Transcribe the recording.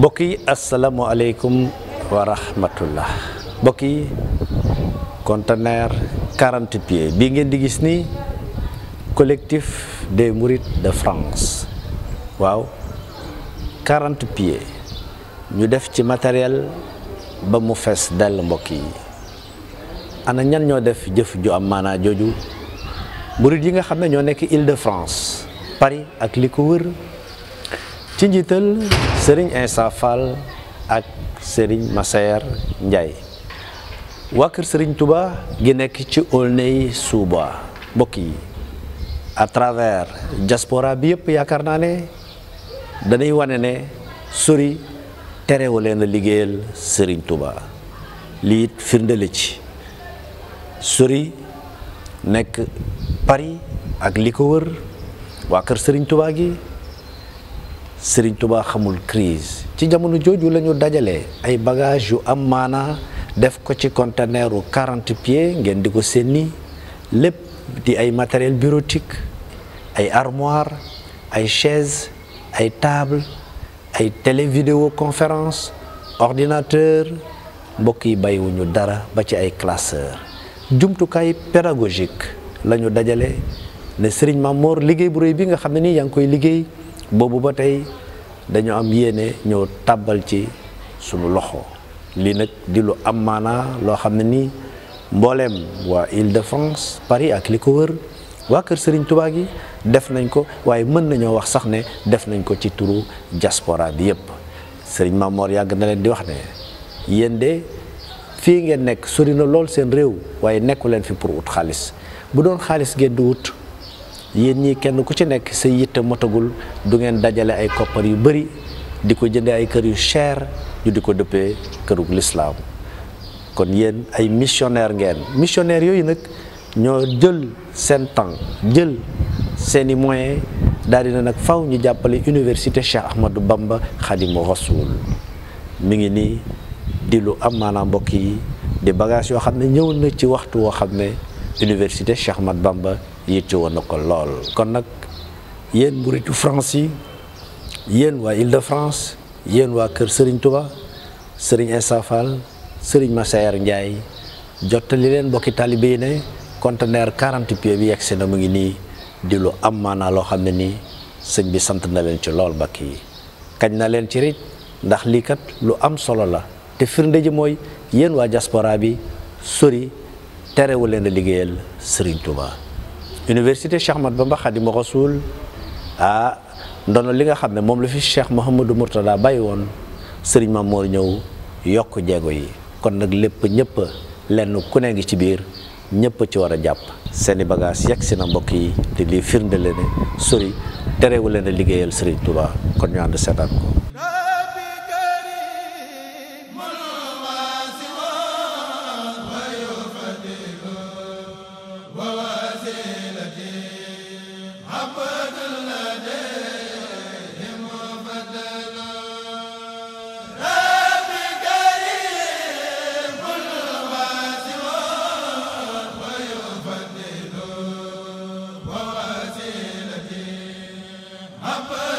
mbokk yi asalaamualeykum wa rahmatullah mbokk yi conteneur 40 pieds bii ngeen di gis nii collectif de mourides de France waaw 40 pieds ñu def ci matériel ba mu fes dell mbokk yi ana ñan ñoo def jëf ju am maanaa jooju murid yi nga xam ne ñoo nekk Île-de-France Paris ak li ko wër ci njiital Serigne Insa ak sëriñ Massaer Ndiaye waa kër Serigne Touba gi nekk ci Aulnay Souba mbokk yi à travers diaspora bi yëpp yaakaar naa ne danay wane ne sori terewu leen a liggéeyal sëriñ Touba liit it firndele ci sori nekk Paris ak li ko wër waa kër Serigne Touba gi. Sëriñ Tuubaa xamul crise ci jamono jooju la ñu dajale ay bagages yu am maanaa def ko ci conteneur u 40 pieds ngeen di ko senni lépp di ay matériel bureautique ay armoir ay chaise ay table ay télé vidéo conférence ordinateur mbokk yi bàyyiwuñu dara ba ci ay classeur jumtukaay pédagogique la ñu dajale ne Sëriñ Mamoor liggéey bu réy bi nga xam ne nii ngi koy liggéey boobu ba tey dañu am yéene ñëw tàbbal ci suñu loxo lii nag di lu am maanaa loo xam ne nii mbooleem waa Île-de-France Paris ak li ko wër waa kër sëriñ Touba gi def nañ ko waaye mën nañoo wax sax ne def nañ ko ci turu diaspora bi yépp Serigne Mamor yàgg na leen di wax ne yéen de fii ngeen nekk sori na lool seen réew waaye nekku leen fi pour wut xaalis bu doon xaalis ngeen di yéen ñi kenn ku ci nekk sa yitte motagul du ngeen dajale ay koppar yu bëri di ko jëndee ay kër yu cher ñu di ko dëppee kërug lislaam kon yéen ay missionnaire ngeen missionnaire yooyu nag ñoo jël seen temps jël seeni moyen daal dina nag faw ñu jàppale université Cheikh Ahmadou Bamba Khadimu Rasoul mi ngi nii di lu am maanaam mbokk yi di bagage yoo xam ne ñëw na ci waxtu woo xam ne université Cheikh Ahmadou Bamba yitte woon na ko lool kon nag yéen mburitu France yi yéen waa Île-de-France yéen waa kër Serigne Touba Serigne Issa Fall Serigne Massaer Ndiaye jottali leen bokki taalibe ne conteneur 40 pieds bi yegg na mu ngi nii di lu am maanaa loo xam ne nii sëñ bi sant na leen ci lool mbokk yi kañ na leen ci rëcc ndax lii kat lu am solo la te firnde ji mooy yéen waa diaspora bi sori terewu leen a liggéeyal Serigne Touba. université Cheikh Ahmadou Bamba Khadimu Rasoul ah ndono li nga xam ne moom la fi Cheikh Mouhamadou Mourtada bàyyi woon sëriñ Mamoor ñëw yokk jéego yi kon nag lépp ñëpp lenn ku ne ngi ci biir ñëpp ci war a jàpp seeni bagage yegg si na mbokk yi te lii firnde leen ne sori terewul leen a liggéeyal sëriñ Touba kon ñu ànd seetaan Papa